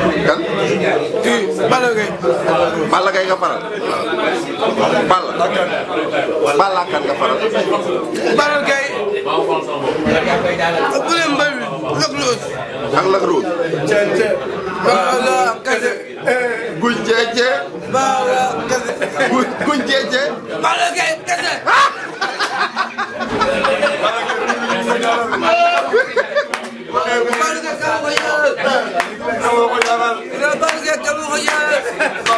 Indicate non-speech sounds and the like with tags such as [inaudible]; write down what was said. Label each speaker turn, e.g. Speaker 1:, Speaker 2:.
Speaker 1: kan kii Balla Gaye Balla Gaye nga faral
Speaker 2: Balla Balla kan nga faral Balla Gaye bu leen
Speaker 3: mbay Lac Rose ak Lac Rose Balla kase guñ jeece Balla kase guñ jeece Balla Gaye kase
Speaker 4: [laughs]
Speaker 5: Gabriel.